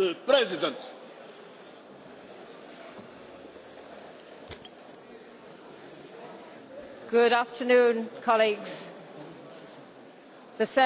the president. Good afternoon, colleagues. The